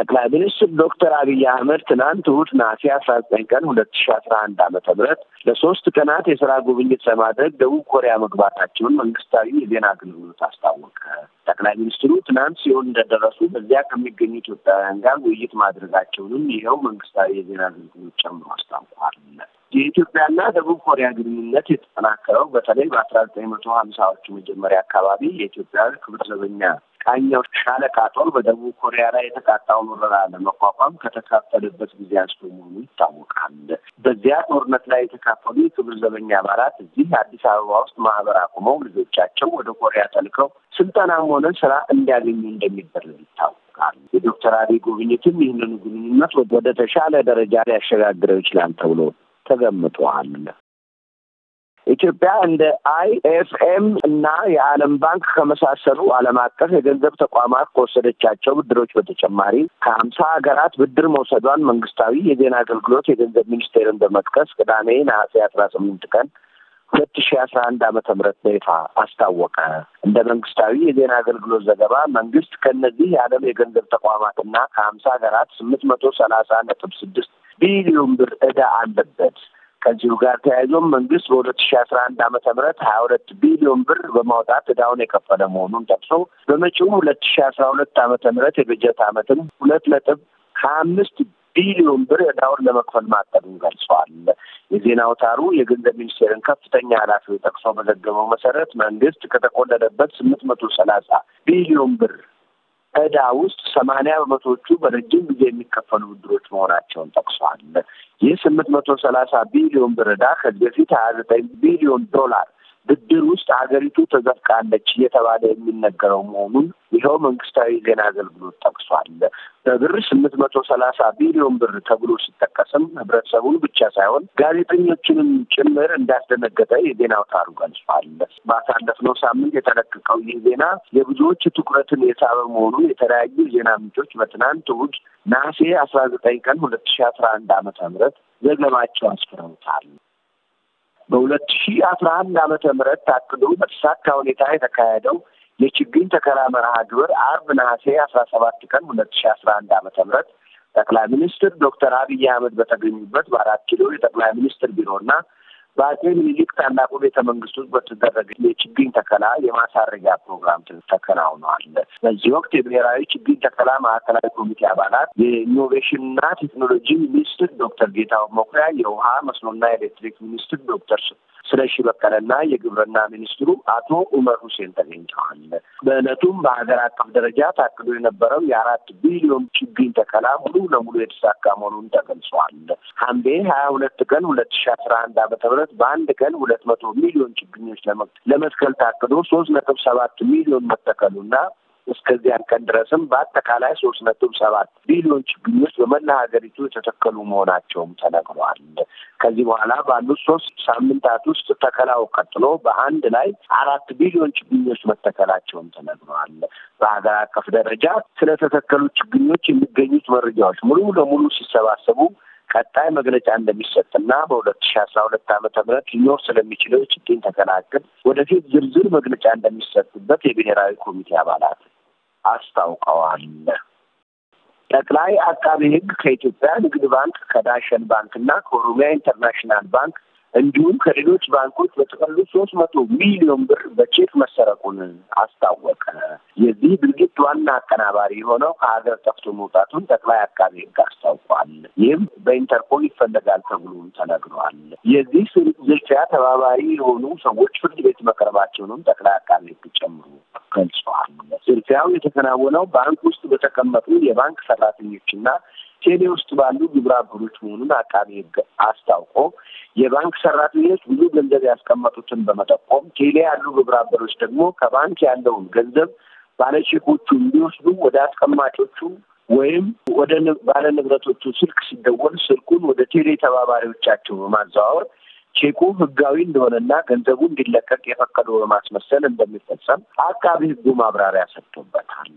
ጠቅላይ ሚኒስትር ዶክተር አብይ አህመድ ትናንት እሑድ ነሐሴ አስራ ዘጠኝ ቀን ሁለት ሺ አስራ አንድ ዓመተ ምህረት ለሶስት ቀናት የስራ ጉብኝት ለማድረግ ደቡብ ኮሪያ መግባታቸውን መንግስታዊ የዜና አገልግሎት አስታወቀ። ጠቅላይ ሚኒስትሩ ትናንት ሲሆን እንደደረሱ በዚያ ከሚገኙ ኢትዮጵያውያን ጋር ውይይት ማድረጋቸውንም ይኸው መንግስታዊ የዜና አገልግሎት ጨምሮ አስታውቋል። የኢትዮጵያና ደቡብ ኮሪያ ግንኙነት የተጠናከረው በተለይ በአስራ ዘጠኝ መቶ ሀምሳዎቹ መጀመሪያ አካባቢ የኢትዮጵያ ክብር ዘበኛ ቃኘው ሻለቃ ጦር በደቡብ ኮሪያ ላይ የተቃጣውን ወረራ ለመቋቋም ከተካፈለበት ጊዜ አንስቶ መሆኑ ይታወቃል። በዚያ ጦርነት ላይ የተካፈሉ የክብር ዘበኛ አባላት እዚህ አዲስ አበባ ውስጥ ማህበር አቁመው ልጆቻቸው ወደ ኮሪያ ተልከው ስልጠናም ሆነ ስራ እንዲያገኙ እንደሚደረግ ይታወቃል። የዶክተር አብይ ጉብኝትም ይህንኑ ግንኙነት ወደ ተሻለ ደረጃ ሊያሸጋግረው ይችላል ተብሎ ተገምጧል። ኢትዮጵያ እንደ አይ ኤፍ ኤም እና የዓለም ባንክ ከመሳሰሉ ዓለም አቀፍ የገንዘብ ተቋማት ከወሰደቻቸው ብድሮች በተጨማሪ ከሀምሳ ሀገራት ብድር መውሰዷን መንግስታዊ የዜና አገልግሎት የገንዘብ ሚኒስቴርን በመጥቀስ ቅዳሜ ነሐሴ አስራ ስምንት ቀን ሁለት ሺ አስራ አንድ ዓመተ ምህረት በይፋ አስታወቀ። እንደ መንግስታዊ የዜና አገልግሎት ዘገባ መንግስት ከእነዚህ የዓለም የገንዘብ ተቋማትና ከሀምሳ ሀገራት ስምንት መቶ ሰላሳ ነጥብ ስድስት ቢሊዮን ብር እዳ አለበት። ከዚሁ ጋር ተያይዞም መንግስት በሁለት ሺ አስራ አንድ አመተ ምህረት ሀያ ሁለት ቢሊዮን ብር በማውጣት እዳውን የከፈለ መሆኑን ጠቅሶ በመጪው ሁለት ሺ አስራ ሁለት አመተ ምህረት የበጀት አመትም ሁለት ነጥብ ሀያ አምስት ቢሊዮን ብር እዳውን ለመክፈል ማቀዱን ገልጸዋል። የዜና አውታሩ የገንዘብ ሚኒስቴርን ከፍተኛ ኃላፊ ጠቅሶ በዘገበው መሰረት መንግስት ከተቆለለበት ስምንት መቶ ሰላሳ ቢሊዮን ብር እዳ ውስጥ ሰማንያ በመቶዎቹ በረጅም ጊዜ የሚከፈሉ ብድሮች መሆናቸውን ጠቅሷል። ይህ ስምንት መቶ ሰላሳ ቢሊዮን ብር እዳ ከዚህ በፊት ሀያ ዘጠኝ ቢሊዮን ዶላር ብድር ውስጥ ሀገሪቱ ተዘፍቃለች እየተባለ የሚነገረው መሆኑን ይኸው መንግስታዊ ዜና አገልግሎት ጠቅሷል። በብር ስምንት መቶ ሰላሳ ቢሊዮን ብር ተብሎ ሲጠቀስም ህብረተሰቡን ብቻ ሳይሆን ጋዜጠኞችንም ጭምር እንዳስደነገጠ የዜና አውታሩ ገልጿል። ባሳለፍነው ሳምንት የተለቀቀው ይህ ዜና የብዙዎች ትኩረትን የሳበ መሆኑን የተለያዩ ዜና ምንጮች በትናንት ውድ ነሐሴ አስራ ዘጠኝ ቀን ሁለት ሺ አስራ አንድ አመተ ምህረት ዘገባቸው አስፍረውታል። በሁለት ሺ አስራ አንድ አመተ ምህረት ታቅዶ በተሳካ ሁኔታ የተካሄደው የችግኝ ተከላ መርሃ ግብር አርብ ነሐሴ አስራ ሰባት ቀን ሁለት ሺ አስራ አንድ አመተ ምህረት ጠቅላይ ሚኒስትር ዶክተር አብይ አህመድ በተገኙበት በአራት ኪሎ የጠቅላይ ሚኒስትር ቢሮና በአጼ ምኒልክ ታላቁ ቤተ መንግስት ውስጥ በተደረገ የችግኝ ተከላ የማሳረጊያ ፕሮግራም ተከናውነዋል። በዚህ ወቅት የብሔራዊ ችግኝ ተከላ ማዕከላዊ ኮሚቴ አባላት የኢኖቬሽንና ቴክኖሎጂ ሚኒስትር ዶክተር ጌታው መኩሪያ፣ የውሃ መስኖና ኤሌክትሪክ ሚኒስትር ዶክተር ስለሺ በቀለና የግብርና ሚኒስትሩ አቶ ኡመር ሁሴን ተገኝተዋል። በዕለቱም በሀገር አቀፍ ደረጃ ታቅዶ የነበረው የአራት ቢሊዮን ችግኝ ተከላ ሙሉ ለሙሉ የተሳካ መሆኑን ተገልጿል። ሐምሌ ሀያ ሁለት ቀን ሁለት ሺ አስራ አንድ ዓመተ ምህረት በአንድ ቀን ሁለት መቶ ሚሊዮን ችግኞች ለመትከል ታቅዶ ሶስት ነጥብ ሰባት ሚሊዮን መተከሉና እስከዚያን ቀን ድረስም በአጠቃላይ ሶስት ነጥብ ሰባት ቢሊዮን ችግኞች በመላ ሀገሪቱ የተተከሉ መሆናቸውም ተነግሯል። ከዚህ በኋላ ባሉት ሶስት ሳምንታት ውስጥ ተከላው ቀጥሎ በአንድ ላይ አራት ቢሊዮን ችግኞች መተከላቸውም ተነግሯል። በሀገር አቀፍ ደረጃ ስለተተከሉ ችግኞች የሚገኙት መረጃዎች ሙሉ ለሙሉ ሲሰባሰቡ ቀጣይ መግለጫ እንደሚሰጥና በሁለት ሺ አስራ ሁለት ዓመተ ምህረት ሊኖር ስለሚችለው የችግኝ ተከላክል ወደፊት ዝርዝር መግለጫ እንደሚሰጥበት የብሔራዊ ኮሚቴ አባላት አስታውቀዋል። ጠቅላይ አቃቢ ሕግ ከኢትዮጵያ ንግድ ባንክ ከዳሸን ባንክ እና ከኦሮሚያ ኢንተርናሽናል ባንክ እንዲሁም ከሌሎች ባንኮች በጥቅሉ ሶስት መቶ ሚሊዮን ብር በቼክ መሰረቁን አስታወቀ። የዚህ ድርጊት ዋና አቀናባሪ የሆነው ከሀገር ጠፍቶ መውጣቱን ጠቅላይ አቃቤ ሕግ አስታውቋል። ይህም በኢንተርፖል ይፈለጋል ተብሎ ተነግሯል። የዚህ ዝርፊያ ተባባሪ የሆኑ ሰዎች ፍርድ ቤት መቅረባቸውንም ጠቅላይ አቃቤ ሕግ ጨምሮ ገልጸዋል። ዝርፊያው የተከናወነው ባንክ ውስጥ በተቀመጡ የባንክ ሰራተኞችና ቴሌ ውስጥ ባሉ ግብረ አበሮች መሆኑን አቃቢ ሕግ አስታውቆ የባንክ ሰራተኞች ብዙ ገንዘብ ያስቀመጡትን በመጠቆም ቴሌ ያሉ ግብረ አበሮች ደግሞ ከባንክ ያለውን ገንዘብ ባለቼኮቹ እንዲወስዱ ወደ አስቀማጮቹ ወይም ወደ ባለንብረቶቹ ስልክ ሲደወል ስልኩን ወደ ቴሌ ተባባሪዎቻቸው በማዘዋወር ቼኩ ህጋዊ እንደሆነና ገንዘቡ እንዲለቀቅ የፈቀዱ በማስመሰል እንደሚፈጸም አቃቢ ህጉ ማብራሪያ ሰጥቶበታል።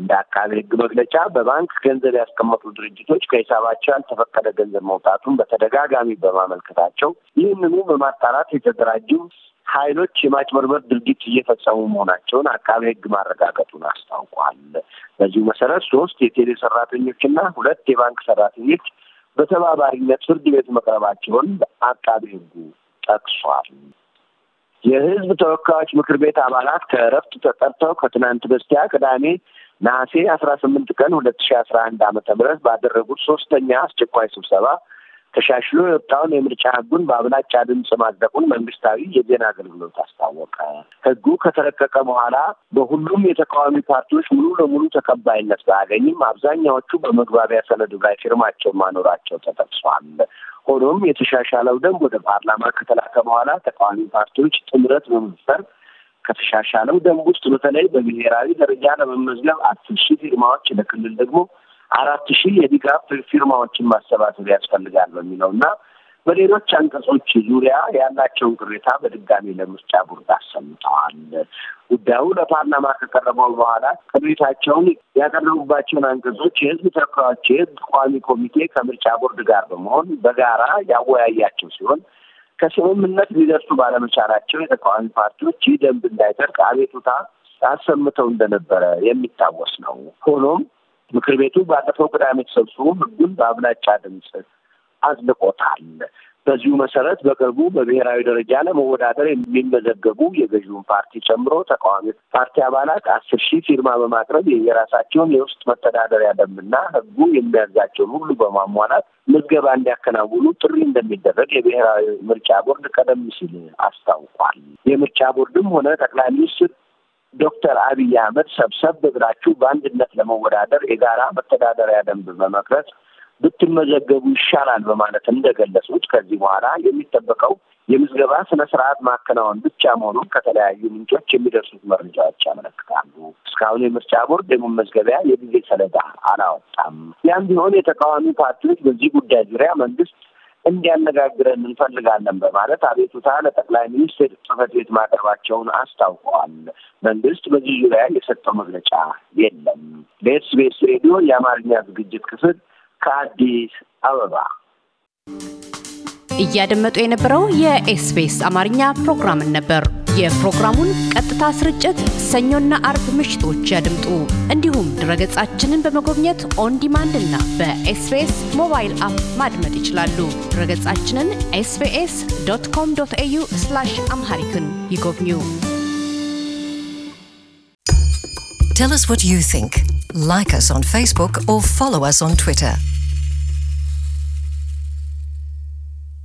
እንደ አቃቢ ህግ መግለጫ በባንክ ገንዘብ ያስቀመጡ ድርጅቶች ከሂሳባቸው ያልተፈቀደ ገንዘብ መውጣቱን በተደጋጋሚ በማመልከታቸው ይህንኑ በማጣራት የተደራጁ ኃይሎች የማጭበርበር ድርጊት እየፈጸሙ መሆናቸውን አቃቤ ህግ ማረጋገጡን አስታውቋል። በዚሁ መሰረት ሶስት የቴሌ ሰራተኞችና ሁለት የባንክ ሰራተኞች በተባባሪነት ፍርድ ቤት መቅረባቸውን በአቃቢ ሕጉ ጠቅሷል። የህዝብ ተወካዮች ምክር ቤት አባላት ከእረፍት ተጠርተው ከትናንት በስቲያ ቅዳሜ ነሐሴ አስራ ስምንት ቀን ሁለት ሺ አስራ አንድ ዓመተ ምህረት ባደረጉት ሶስተኛ አስቸኳይ ስብሰባ ተሻሽሎ የወጣውን የምርጫ ህጉን በአብላጫ ድምፅ ማጽደቁን መንግስታዊ የዜና አገልግሎት አስታወቀ። ህጉ ከተረቀቀ በኋላ በሁሉም የተቃዋሚ ፓርቲዎች ሙሉ ለሙሉ ተቀባይነት ባያገኝም አብዛኛዎቹ በመግባቢያ ሰነዱ ላይ ፊርማቸው ማኖራቸው ተጠቅሷል። ሆኖም የተሻሻለው ደንብ ወደ ፓርላማ ከተላከ በኋላ ተቃዋሚ ፓርቲዎች ጥምረት በመፍጠር ከተሻሻለው ደንብ ውስጥ በተለይ በብሔራዊ ደረጃ ለመመዝገብ አስር ሺህ ፊርማዎች ለክልል ደግሞ አራት ሺህ የድጋፍ ፊርማዎችን ማሰባሰብ ያስፈልጋል የሚለው እና በሌሎች አንቀጾች ዙሪያ ያላቸውን ቅሬታ በድጋሚ ለምርጫ ቦርድ አሰምተዋል። ጉዳዩ ለፓርላማ ከቀረበው በኋላ ቅሬታቸውን ያቀረቡባቸውን አንቀጾች የህዝብ ተወካዮች የህዝብ ቋሚ ኮሚቴ ከምርጫ ቦርድ ጋር በመሆን በጋራ ያወያያቸው ሲሆን ከስምምነት ሊደርሱ ባለመቻላቸው የተቃዋሚ ፓርቲዎች ይህ ደንብ እንዳይጠርቅ አቤቱታ አሰምተው እንደነበረ የሚታወስ ነው። ሆኖም ምክር ቤቱ ባለፈው ቅዳሜ ተሰብስቦ ህጉን በአብላጫ ድምፅ አጽድቆታል። በዚሁ መሰረት በቅርቡ በብሔራዊ ደረጃ ለመወዳደር የሚመዘገቡ የገዢውን ፓርቲ ጨምሮ ተቃዋሚ ፓርቲ አባላት አስር ሺህ ፊርማ በማቅረብ የራሳቸውን የውስጥ መተዳደሪያ ደንብና ህጉ የሚያዛቸውን ሁሉ በማሟላት ምዝገባ እንዲያከናውኑ ጥሪ እንደሚደረግ የብሔራዊ ምርጫ ቦርድ ቀደም ሲል አስታውቋል። የምርጫ ቦርድም ሆነ ጠቅላይ ሚኒስትር ዶክተር አብይ አህመድ ሰብሰብ ብላችሁ በአንድነት ለመወዳደር የጋራ መተዳደሪያ ደንብ በመቅረጽ ብትመዘገቡ ይሻላል በማለት እንደገለጹት ከዚህ በኋላ የሚጠበቀው የምዝገባ ስነ ስርዓት ማከናወን ብቻ መሆኑን ከተለያዩ ምንጮች የሚደርሱት መረጃዎች ያመለክታሉ። እስካሁን የምርጫ ቦርድ የመመዝገቢያ የጊዜ ሰሌዳ አላወጣም። ያም ቢሆን የተቃዋሚ ፓርቲዎች በዚህ ጉዳይ ዙሪያ መንግስት እንዲያነጋግረን እንፈልጋለን በማለት አቤቱታ ለጠቅላይ ሚኒስትር ጽህፈት ቤት ማቅረባቸውን አስታውቀዋል። መንግስት በዚህ ዙሪያ የሰጠው መግለጫ የለም። ለኤስቢኤስ ሬዲዮ የአማርኛ ዝግጅት ክፍል ከአዲስ አበባ እያደመጡ የነበረው የኤስቢኤስ አማርኛ ፕሮግራምን ነበር። የፕሮግራሙን ቀ በቀጥታ ስርጭት ሰኞና አርብ ምሽቶች ያድምጡ። እንዲሁም ድረገጻችንን በመጎብኘት ኦን ዲማንድ እና በኤስቤስ ሞባይል አፕ ማድመጥ ይችላሉ። ድረገጻችንን ኤስቤስ ዶት ኮም ዶት ኤዩ አምሃሪክን ይጎብኙ። Tell us what you think. Like us on Facebook or follow us